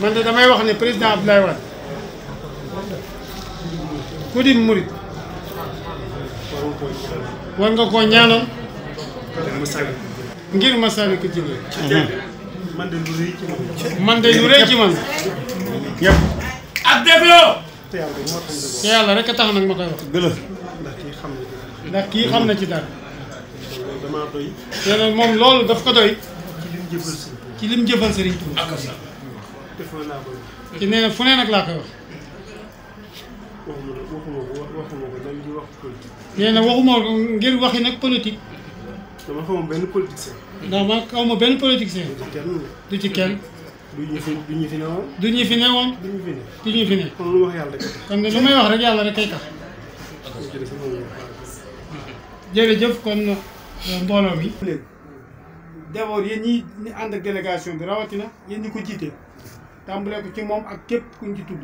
man de damay wax ni président Abdoulaye Wade ku di murit war nga koo ñaanal ngir ma sabi ko jigéen man de lu rëy man man de lu rëy man yëpp ak dégloo te yàlla rek a tax nag ma koy wax ndax kii xam na ci dara. damaa moom loolu daf ko doy. ci lim jëfal Serigne Touba. ci nee na fu ne nag laa koy wax. nee na waxuma ko ngir waxi nag politique. benn politicien. ndax ma xaw ma benn politicien. du ci kenn. du ñu fi du ñu fi ne woon. du ñu fi ne woon. du ñu fi ne. kon lu may wax rek yàlla rek kay tax. jërëjëf kon euh, mbooloo mi. d'abord yéen ñi ñu ànd ak délégation bi rawatina yéen ñi ko jiite tàmbalee ko ci moom ak képp kuñ ci tudd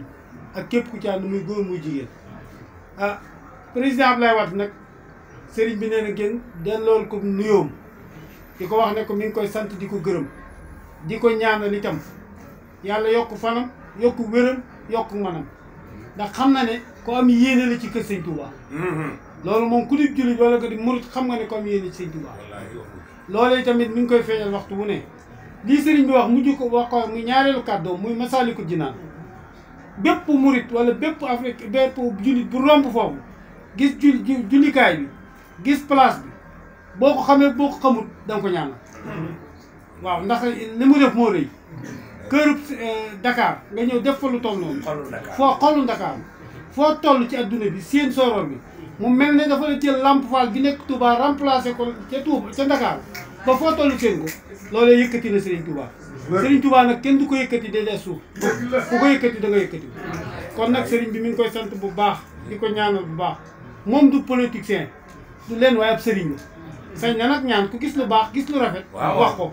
ak képp ku ci ànd muy góor muy jigéen ah président Abdoulaye nag sëriñ bi nee na gën delloo ko nuyoom di ko wax ne ko mi ngi koy sant di ko gërëm di ko ñaanal itam yàlla yokk fanam yokk wéram yokk manam ndax xam na ne ko am yéene la ci kër sëñ Touba. Mm-hmm. loolu moom ku jullit wala ko di murit xam nga ne comme yéen sëñ Tuubaa loolee tamit mu ngi koy feeñal waxtu wu ne lii sëriñ bi wax mujj ko wax ko muy ñaareelu kàddoom muy Masaalikul Jinaan bépp murit wala bépp Afrique bépp jullit bu romb foofu gis jul jullikaay bi gis place bi boo ko xamee boo ko xamut danga ko ñaanal waaw ndax li mu def moo rëy kërub eh, Dakar nga ñëw def fa lu toll noonu foo xolu Dakar foo toll ci adduna bi seen sooroor bi mu mel ne dafa la jël Lamp Fall gi nekk Touba remplacé ko ca Touba ca Ndakaar ba foo toll seen ko loolee yëkkati na Serigne Touba. Serigne Touba nag kenn du ko yëkkati day des suuf ku ko yëkkati da nga yëkkati kon nag Serigne bi mi ngi koy sant bu baax di ko ñaanal bu baax moom du politicien du leen waaye ab Serigne la. sañ na nag ñaan gis lu baax gis lu rafet. wax ko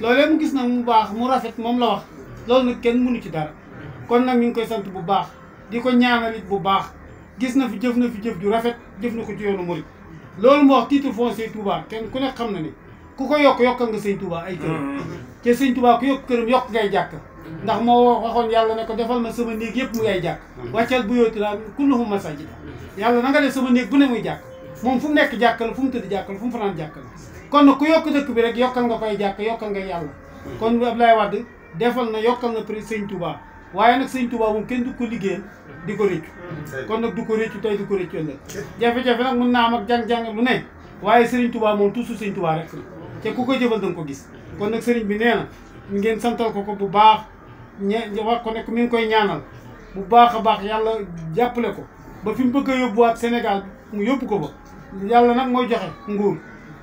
loolee mu gis nag mu baax mu rafet moom la wax loolu kenn mënu ci dara kon nag ñu ngi koy sant bu baax di ko ñaanal bu baax. gis na fi jëf na fi jëf ju rafet jëf na ko ci yoonu murid loolu moo wax titre foncier Touba kenn ku nekk xam na ni ku ko yokk yokkal nga sëñ Touba ay këram mm-hmm. te sëñ Touba yokk jàkk ndax moo waxoon yàlla ne ko defal ma sama néeg yëpp mu ngay jàkk mm-hmm. wàccal bu yooti laa kulluhum masajid yàlla na nga def sama bu ne muy jàkk moom fu mu nekk jàkk la fu mu tëdd jàkk la fu mu fanaan jàkk la kon na ku yokk dëkk bi rek yokkal nga koy jàkk yokkal nga yàlla mm-hmm. kon Abdoulaye Wade defal na yokkal na prix sëñ Touba waaye nag sëñ Tuubaa moom kenn du ko liggéeyal di ko réccu mm-hmm. kon nag du ko réccu tey du ko réccu ëllëg jafe-jafe nag mën naa am ak jàng-jàng lu ne waaye sëriñ Tuubaa moom toujours sëñ Tuubaa rek te ku ko jëfal da ko gis kon nag sëriñ bi nee na ngeen santal ko ko bu baax ñe wax ko nekk mi ngi koy ñaanal bu baax a baax yàlla jàppale ko ba fi mu bëgg a yóbbuwaat Sénégal mu yóbbu ko ba yàlla nag mooy joxe nguur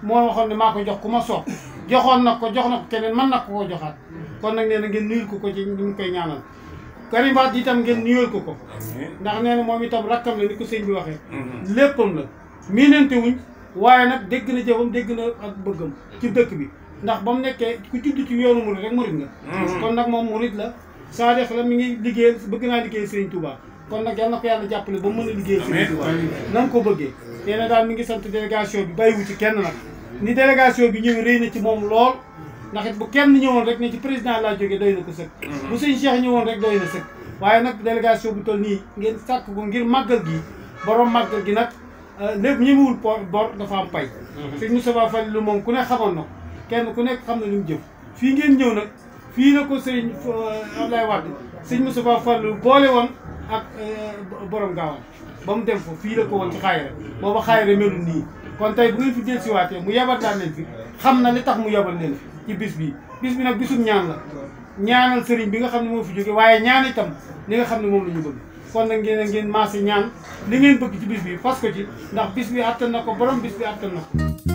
moo waxoon ne maa ko jox ku ma soob joxoon nag ko jox na ko mën na ko koo kon nag nee na ngeen nuyul ko ko koy ñaanal Karim Wade tam ngeen ah. nuyoo ko ko. ndax nee na moom itam rakkam la ni ko sëñ bi waxee. Mm-hmm. léppam la miinante wuñ waaye nag dégg na jëfam dégg na ak bëggam ci dëkk bi ndax ba mu nekkee ku judd ci yoonu murid rek murid nga. Mm-hmm. kon nag moom murid la saadex la mi ngi liggéeyal bëgg naa liggéey sëñ Touba. kon nag yal na ko yàlla jàppale ba mën a liggéey sëñ Touba na nga ko daal mi ngi sant délégation bi bàyyiwu ci kenn nag ni délégation bi ñëw rëy na ci moom lool. ndaxit bu kenn ñëwoon rek ne ci président laa jógee doy na ko sëkk. Mhm. bu sëñ Cheikh ñëwoon rek doy na sëkk. waaye nag délégation bu toll nii ngeen sàkk ko ngir màggal gi borom màggal gi nag euh, lépp ñëwul por bor dafa am pay. Mhm. sëñ Moustapha fa lu moom ku ne xamoon na kenn ku nekk xam na lu mu jëf fii ngeen ñëw nag fii la ko sëñ euh, Abdoulaye Wade sëñ Moustapha Fall boole woon ak euh, borom gaawam ba mu dem foofu fii la ko woon ci xaayare booba xaayare melul nii. kon tey bu ngeen fi del siwaatee mu yebal daal leen fi xam na li tax mu yebal leen fi ci bis bi bis bi nag bisum ñaan la ñaanal sëriñ bi nga xam ne moo fi jóge waaye ñaan itam li nga xam ne moom la ñu bëgg kon nag ngeen ngeen maase ñaan li ngeen bëgg ci bis bi parce ko ci ndax bis bi attan na ko borom bis bi attan na ko